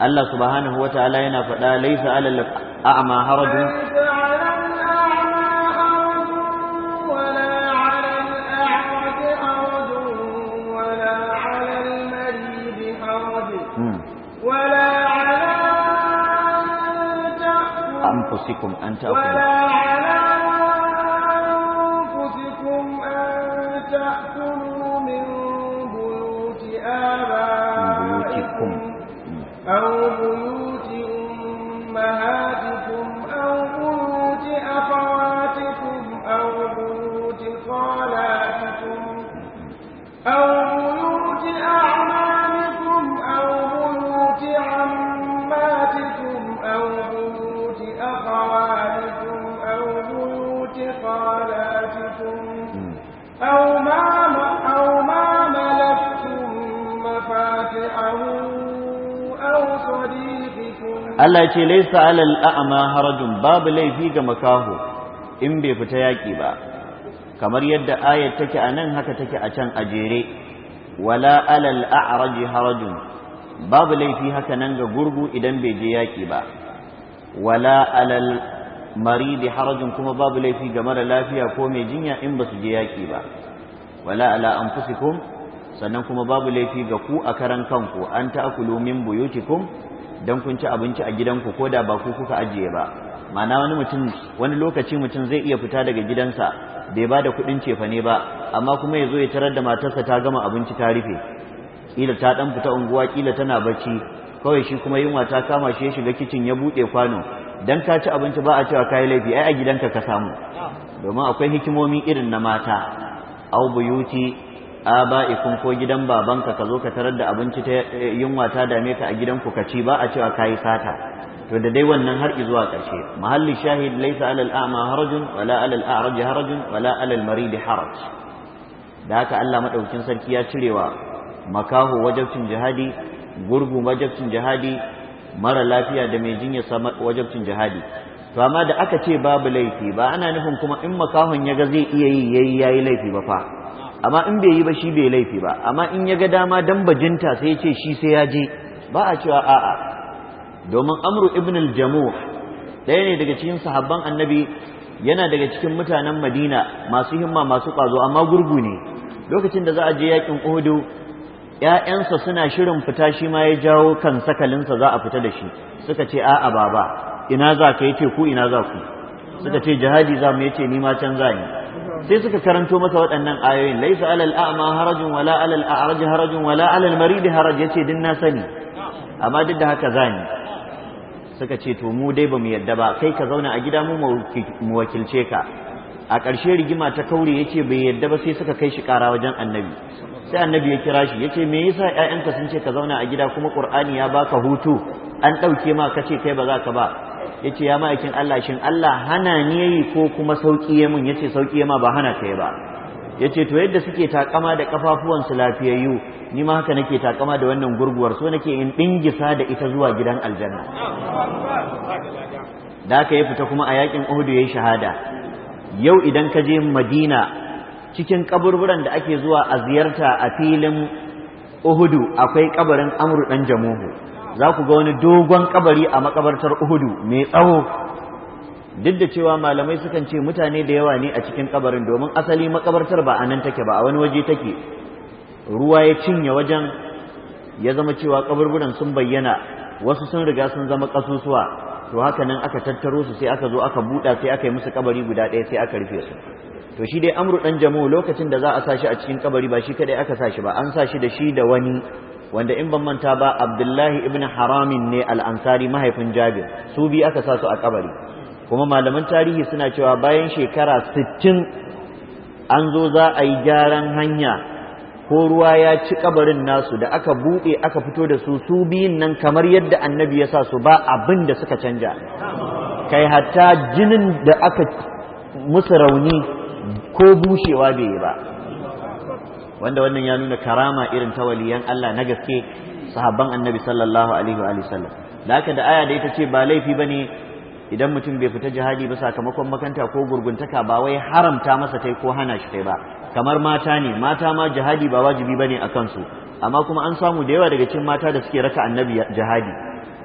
Allah subhanahu wataala yana faɗa laisa alal a'ma harajun رؤوسكم أن تأكلوا Allah ce laisa alal a'ma harajun babu laifi ga makaho in bai fita yaƙi ba kamar yadda ayat take anan nan haka take a can a jere wala alal a'raj harajun babu laifi haka nan ga gurgu idan bai je yaki ba wala alal marid harajun kuma babu laifi ga mara lafiya ko mai jinya in ba su je yaki ba wala ala anfusikum sannan kuma babu laifi ga ku a karan kanku an ta'kulu min buyutikum don kun ci abinci a gidanku ko da ba ku kuka ajiye ba ma'ana wani mutum wani lokaci mutum zai iya fita daga gidansa bai ba da kuɗin cefane ba amma kuma ya zo ya tarar da matarsa ta gama abinci ta rufe kila ta ɗan fita unguwa kila tana bacci kawai shi kuma yunwa ta kama shi ya shiga kicin ya buɗe kwano dan ka ci abinci ba a cewa kayi laifi ai a gidanka ka samu domin akwai hikimomi irin na mata au buyuti aba'ikum ko gidan babanka ka zo ka tarar da abinci ta yunwa ta dame ka a gidanku ka ci ba a cewa kayi sata to da dai wannan har zuwa ƙarshe mahalli shahid laysa alal a'ma harajun wala alal a'raj harajun wala alal marid haraj da haka Allah maɗaukin sarki ya cirewa makaho wajabcin jihadi gurgu wajabcin jihadi mara lafiya da mai jinya wajabcin jihadi to amma da aka ce babu laifi ba ana nufin kuma in makahon ya ga zai iya yi yayi yayi laifi ba fa amma in bai yi ba shi bai laifi ba amma in ya ga dama dan bajinta sai ya ce shi sai ya je ba a cewa a'a domin amru ibn al-jamuh ɗaya ne daga cikin sahabban annabi yana daga cikin mutanen madina masu himma masu ƙwazo amma gurgu ne lokacin da za a je yakin uhudu ‘ya'yansa suna shirin fita shi ma ya jawo kan sakalinsa za a fita da shi suka ce a'a baba ina za ka yi ku ina za ku suka ce jihadi za mu yace ni ma can za ni sai suka karanto masa waɗannan ayoyin laisa alal a'ma harajun wala alal a'raj harajun wala alal marid haraj yace din na sani amma duk da haka zani suka ce to mu dai bamu yadda ba kai ka zauna a gida mu mu wakilce ka a ƙarshe rigima ta kaure yace bai yadda ba sai suka kai shi ƙara wajen annabi sai annabi ya kira shi yace me yasa ƴaƴanka sun ce ka zauna a gida kuma qur'ani ya baka hutu an ɗauke ma kace kai ba za ka ba yace ya ma'aikin Allah shin Allah hana ni yayi ko kuma sauki ya mun yace sauƙi ya ma ba hana yi ba yace to yadda suke takama da ƙafafuwansu lafiyayyu ni ma haka nake takama da wannan gurguwar so nake in ɗingisa da ita zuwa gidan aljanna da aka ya fita kuma a yakin ya yayi shahada yau idan ka je Madina cikin kaburburan da ake zuwa a ziyarta a filin Uhudu akwai kabarin amur dan Jamuhu za ku ga wani dogon kabari a makabartar uhudu mai tsawo duk da cewa malamai sukan ce mutane da yawa ne a cikin kabarin domin asali makabartar ba a nan take ba a wani waje take ruwa ya cinye wajen ya zama cewa kaburburan sun bayyana wasu sun riga sun zama ƙasusuwa, to haka nan aka tattaro su sai aka zo aka buɗa sai aka yi musu kabari guda ɗaya sai aka rufe su to shi dai amru ɗan jamu lokacin da za a sa shi a cikin kabari ba shi kaɗai aka sa shi ba an sa shi da shi da wani wanda in ban manta ba abdullahi ibn haramin ne al'ansari mahaifin jabir su bi aka sa su a kabari kuma malaman tarihi suna cewa bayan shekara sittin an zo za a yi gyaran hanya ko ruwa ya ci kabarin nasu da aka buɗe aka fito da su su biyun nan kamar yadda annabi ya sa su ba abin da suka canja kai hatta jinin da aka musu rauni ko bushewa bai yi ba wanda wannan ya nuna karama irin ta waliyan Allah na gaske sahabban annabi sallallahu alaihi wa sallam da aka da aya da ita ce ba laifi bane idan mutum bai fita jihadi ba sakamakon makanta ko gurguntaka ba wai haramta masa tai ko hana shi tai ba kamar mata ne mata ma jihadi ba wajibi bane a kansu amma kuma an samu da yawa daga cikin mata da suke raka annabi jihadi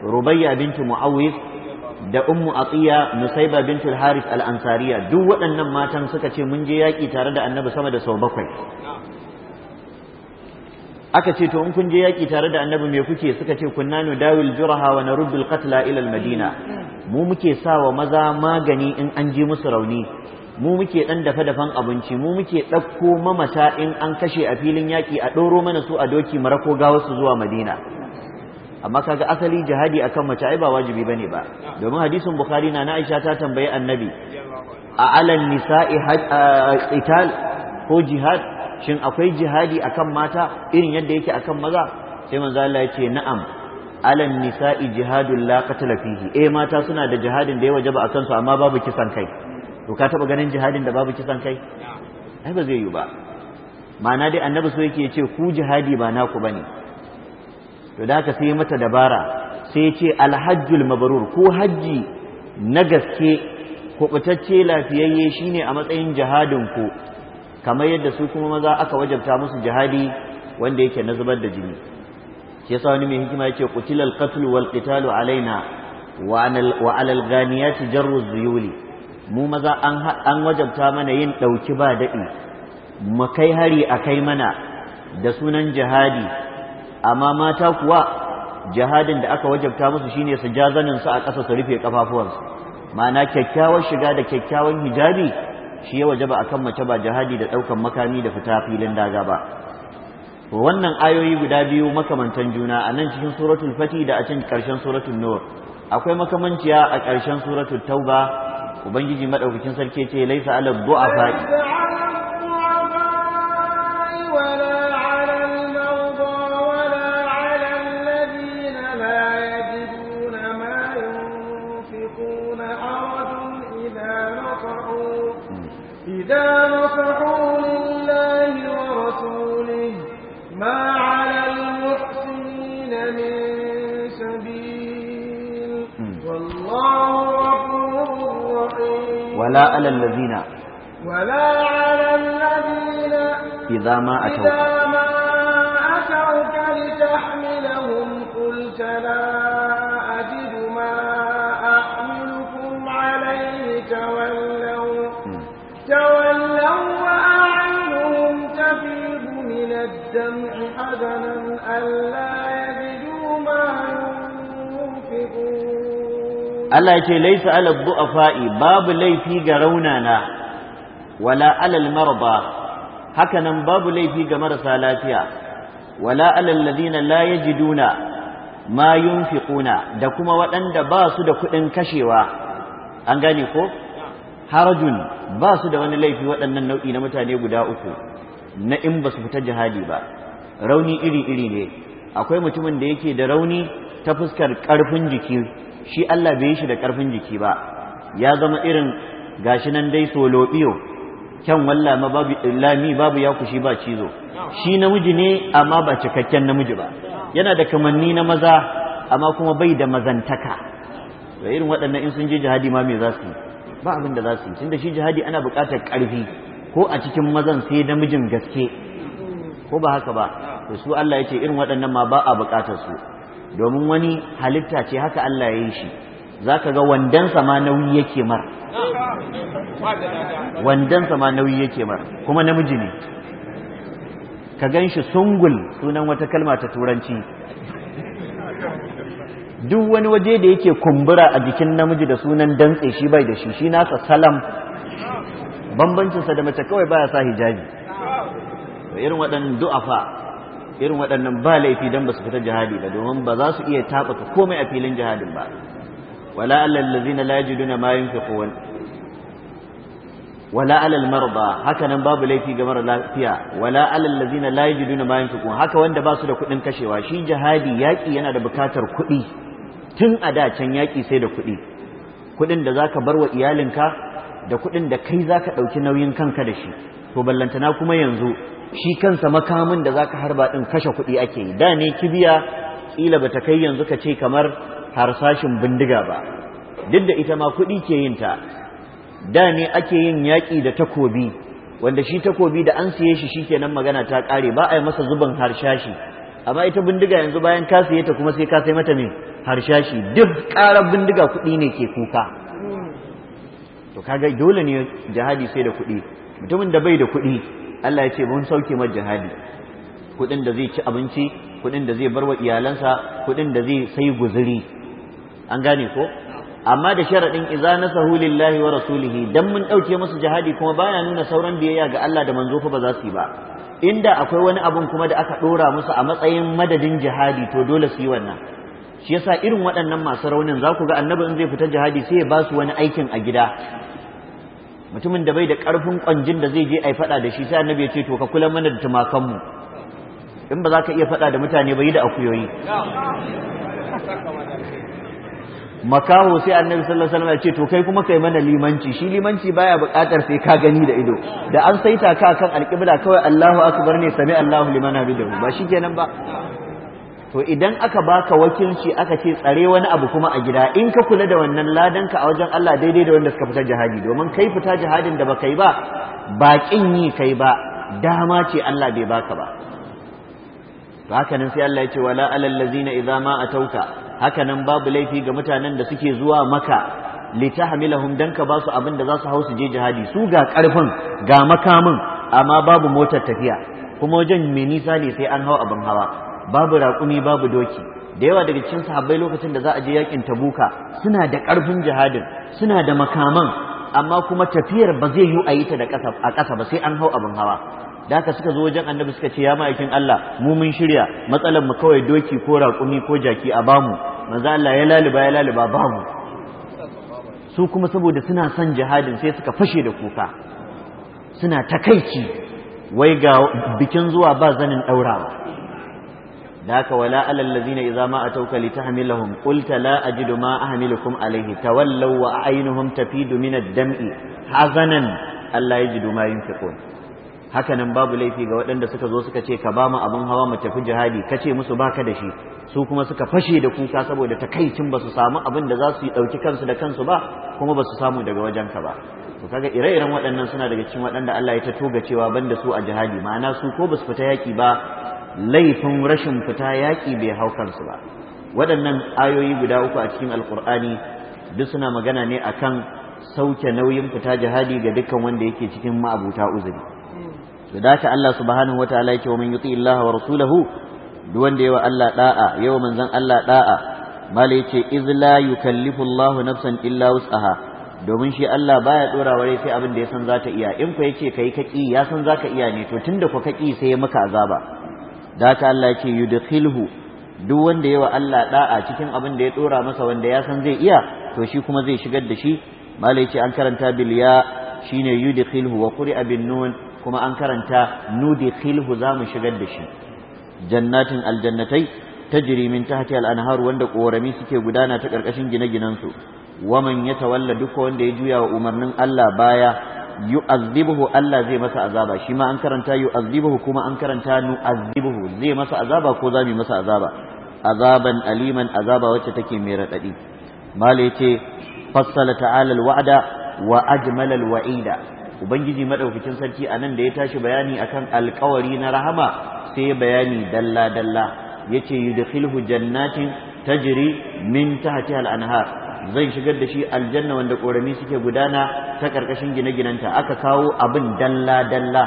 rubayya binti mu'awwif da ummu atiya nusaiba bintul harith al ansariya duk waɗannan matan suka ce mun je yaki tare da annabi sama da sau bakwai aka ce to in kun je yaki tare da annabi me kuke suka ce kunna nu dawil juraha wa naruddu qatla ila almadina mu muke sawa maza magani in an ji musu rauni mu muke dan dafa dafan abinci mu muke ɗauko mamata in an kashe a filin yaki a ɗoro mana su a doki marako ga su zuwa madina amma kaga asali jihadi akan mace ai ba wajibi bane ba domin hadisin bukhari na na aisha ta tambayi annabi a alal nisa'i qital ko jihad shin akwai jihadi akan mata irin yadda yake akan maza sai manzo Allah yace na'am alan nisa'i jihadul la qatala fihi eh mata suna da jihadin da ya wajaba akan su amma babu kisan kai to ka taba ganin jihadin da babu kisan kai ai ba zai yi ba ma'ana dai annabi so yake ce ku jihadi ba naku bane to da haka sai mata dabara sai yace ce alhajjul mabrur ko hajji na gaske kubutacce lafiyayye shine a matsayin jihadin ku kamar yadda su kuma maza aka wajabta musu jihadi wanda yake na zubar da jini shi yasa wani mai hikima yace al qatl wal qital alaina wa al ghaniyati jarru zuyuli mu maza an an wajabta mana yin dauki ba dadi mu kai hari a kai mana da sunan jihadi amma mata kuwa jihadin da aka wajabta musu shine su ja zanin su a ƙasa su rufe kafafuwansu ma'ana kyakkyawar shiga da kyakkyawan hijabi shi ya wajaba akan mace ba jihadi da ɗaukan makami da fita filin daga ba wannan ayoyi guda biyu makamantan juna a nan cikin suratul fati da a cikin ƙarshen suratun nur akwai makamanciya a ƙarshen suratul tauba ubangiji madaukakin sarki ce laisa ala fa'i ولا على الذين ولا على الذين إذا ما أتوا إذا ما أتوك لتحملهم قلت لا Allah ya ce laisa ala du'afa'i babu laifi ga raunana wala alal marba haka nan babu laifi ga marasa lafiya wala alal ladina la yajiduna ma yunfiquna da kuma waɗanda ba su da kuɗin kashewa an gane ko harajun ba su da wani laifi waɗannan nau'i na mutane guda uku na in ba su fita jihadi ba rauni iri iri ne akwai mutumin da yake da rauni ta fuskar ƙarfin jiki shi Allah bai shi da ƙarfin jiki ba ya zama irin gashi nan dai lobiyo kyan walla ma babu lami babu ya kushi ba cizo shi namiji ne amma ba cikakken namiji ba yana da kamanni na maza amma kuma bai da mazantaka da irin waɗannan in sun je jihadi ma me za su yi ba abin da za su yi tunda shi jihadi ana buƙatar ƙarfi ko a cikin mazan sai namijin gaske ko ba haka ba to su Allah ya ce irin waɗannan ma ba a buƙatar su domin wani halitta ce haka Allah ya yi shi za ka ga wandansa ma nauyi yake mar wandansa ma nauyi yake mar kuma namiji ne ka gan shi sungul sunan wata kalma ta turanci duk wani waje da yake kumbura a jikin namiji da sunan dantse shi bai da shi shi nasa salam bambancinsa da mace kawai baya sa hijabi irin waɗannan du'afa irin waɗannan ba laifi don ba su fita jihadi ba domin ba za su iya taɓaka komai a filin jihadin ba wala alal ladzina la yajiduna ma yunfiqun wala alal marda haka nan babu laifi ga mara lafiya wala alal ladzina la yajiduna ma yunfiqun haka wanda ba su da kuɗin kashewa shi jihadi yaƙi yana da buƙatar kuɗi tun a da can yaƙi sai da kuɗi kuɗin da zaka bar wa iyalinka da kuɗin da kai zaka ɗauki nauyin kanka da shi to ballantana kuma yanzu shi kansa makamin da zaka harba ɗin kashe kuɗi ake yi da ne kibiya kila bata kai yanzu ka ce kamar harsashin bindiga ba duk da ita ma kuɗi ke yin ta da ne ake yin yaƙi da takobi wanda shi takobi da an siye shi shikenan magana ta ƙare ba a yi masa zubin harshashi amma ita bindiga yanzu bayan ka siye ta kuma sai ka sai mata me harshashi duk ƙarar bindiga kuɗi ne ke kuka to kaga dole ne jihadi sai da kuɗi mutumin da bai da kuɗi Allah ya ce mun sauke ma jihadi kuɗin da zai ci abinci kuɗin da zai bar wa iyalansa kuɗin da zai sai guzuri an gane ko amma da sharaɗin iza nasahu lillahi wa rasulihi dan mun ɗauke musu jihadi kuma baya nuna sauran biyayya ga Allah da manzo fa ba za su yi ba inda akwai wani abun kuma da aka dora musu a matsayin madadin jihadi to dole su yi wannan shi yasa irin waɗannan masu raunin za ku ga annabi in zai fita jihadi sai ya ba su wani aikin a gida mutumin da bai da ƙarfin ƙwanjin da zai je a yi faɗa da shi sai annabi ya ce to ka kula mana da tumakanmu in ba za ka iya faɗa da mutane ba yi da akuyoyi makaho sai annabi sallallahu alaihi wasallam ya ce to kai kuma kai mana limanci shi limanci baya buƙatar sai ka gani da ido da an saita ka kan alƙibla kawai Allahu akbar ne sami Allahu liman hamidahu ba shi shikenan ba to idan aka baka wakilci aka ce tsare wani abu kuma a gida in ka kula da wannan ka a wajen Allah daidai da wanda suka fita jihadi domin kai fita jihadin da baka yi ba baƙin yi kai ba dama ce Allah bai baka ba to haka nan sai Allah ya ce wala alal ladzina idza ma atauka haka nan babu laifi ga mutanen da suke zuwa maka litahmilahum dan ka basu abin da za su hausu je jihadi su ga karfin ga makamin amma babu motar tafiya kuma wajen me nisa ne sai an hau abin hawa babu raƙumi babu doki da yawa daga cikin sahabbai lokacin da za a je yakin tabuka suna da ƙarfin jihadin suna da makaman amma kuma tafiyar ba zai yi a yi ta a ƙasa ba sai an hau abin hawa da haka suka zo wajen annabi suka ce ya ma'aikin Allah mu mun shirya matsalar mu kawai doki ko raƙumi ko jaki a bamu manzo Allah ya laliba ya laliba bamu su kuma saboda suna son jihadin sai suka fashe da kuka suna takaici wai ga bikin zuwa ba zanin ɗaurawa ذاك ولا ألا الذين إذا a أتوك لتحملهم قلت لا أجد ما أحملكم عليه تولوا وأعينهم تفيد من الدمع حزنا ألا يجدوا ma ينفقون haka nan babu laifi ga waɗanda suka zo suka ce ka ba mu abin hawa mu tafi jihadi ka ce musu baka da shi su kuma suka fashe da kuka saboda takaicin ba su samu abin da za su yi ɗauki kansu da kansu ba kuma ba su samu daga wajenka ba to kaga ire-iren waɗannan suna daga cikin waɗanda Allah ya ta toga cewa banda su a jihadi ma'ana su ko ba su fita yaki ba laifin rashin fita yaƙi bai hau kansu ba waɗannan ayoyi guda uku a cikin alƙur'ani duk suna magana ne a kan sauke nauyin fita jihadi ga dukkan wanda yake cikin ma'abuta uzuri da dace Allah subhanahu wataala yake wa man yuti Allah wa rasulahu duk wanda yawa Allah da'a yawa manzon Allah da'a mala yace iz la yukallifu Allah nafsan illa wus'aha domin shi Allah baya dora wa sai abin da ya san zata iya in ku yace kai kaki ya san zaka iya ne to tunda ku kaki sai ya maka azaba da Allah yake yudkhilhu duk wanda yawa Allah da'a cikin abin da ya dora masa wanda ya san zai iya to shi kuma zai shigar da shi malai ce an karanta bil ya shine yudkhilhu wa qur'a bin nun kuma an karanta nudkhilhu zamu shigar da shi jannatin aljannatai tajri min tahti al-anhar wanda korami suke gudana ta karkashin gine-ginensu waman yatawalla duk wanda ya juya wa umarnin Allah baya yu'azzibuhu Allah zai masa azaba shi ma an karanta yu'azzibuhu kuma an karanta nu'azzibuhu zai masa azaba ko zamu masa azaba azaban aliman azaba wacce take mai radadi mala yace fassala ta'ala alwa'da wa ajmala alwa'ida ubangiji madaukakin sarki anan da ya tashi bayani akan alkawari na rahama sai bayani dalla dalla yace yudkhiluhu jannatin tajri min tahtiha al-anhar zan shigar da shi aljanna wanda korami suke gudana ta karkashin gine-ginenta aka kawo abin dalla-dalla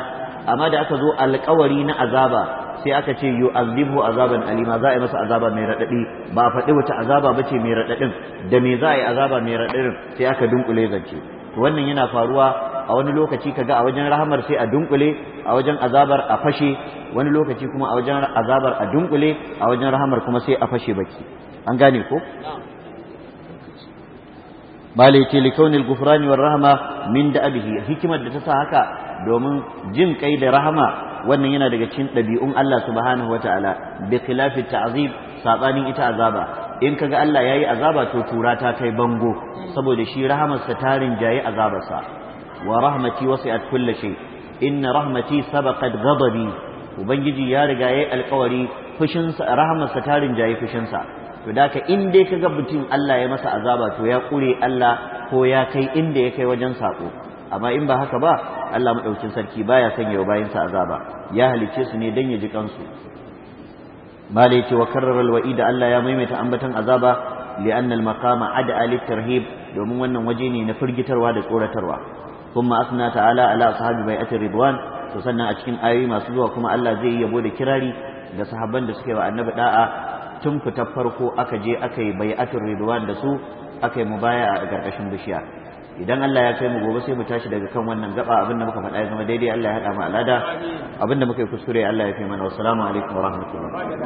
amma da aka zo alkawari na azaba sai aka ce yu azibu azaban alima za a yi masa azaba mai raɗaɗi ba a faɗi wata azaba ba ce mai raɗaɗin da me za a yi azaba mai raɗaɗin sai aka dunkule zance wannan yana faruwa a wani lokaci kaga a wajen rahamar sai a dunkule a wajen azabar a fashe wani lokaci kuma a wajen azabar a dunkule a wajen rahamar kuma sai a fashe baki an gane ko malai ce likaunin gufrani wa rahama min da abihi hikimar da ta sa haka domin jin kai da rahama wannan yana daga cikin ɗabi'un Allah subhanahu wa ta'ala bi khilafi ta'zib sabanin ita azaba in kaga Allah yayi azaba to tura ta kai bango saboda shi rahamarsa tarin jayi azabarsa wa rahmati wasi'at kulli shay inna rahmati sabaqat ghadabi ubangiji ya riga yayi alƙawari fushinsa ta tarin jayi fushinsa to da ka in dai kaga mutum Allah ya masa azaba to ya kure Allah ko ya kai inda ya kai wajen sako amma in ba haka ba Allah madaukin sarki baya sanya wa bayansa azaba ya halice su ne dan ya ji kansu mala yace wa karrara alwa'id Allah ya maimaita ambatan azaba li'anna almaqama ad'a litarhib domin wannan waje ne na firgitarwa da tsoratarwa kuma asna ta'ala ala mai bai'atir ridwan to sannan a cikin ayoyi masu zuwa kuma Allah zai yabo da kirari da sahabban da suke wa annabi da'a tun fitar farko aka je aka yi bai bai'atul riduwan da su aka yi baya a ƙarƙashin bishiya idan Allah ya kai mu gobe sai mu tashi daga kan wannan gaba abin da muka faɗa ya zama daidai Allah ya haɗa mu alada abin da muka yi kuskure Allah ya fi mana salamu alaikum wa rahmatullahi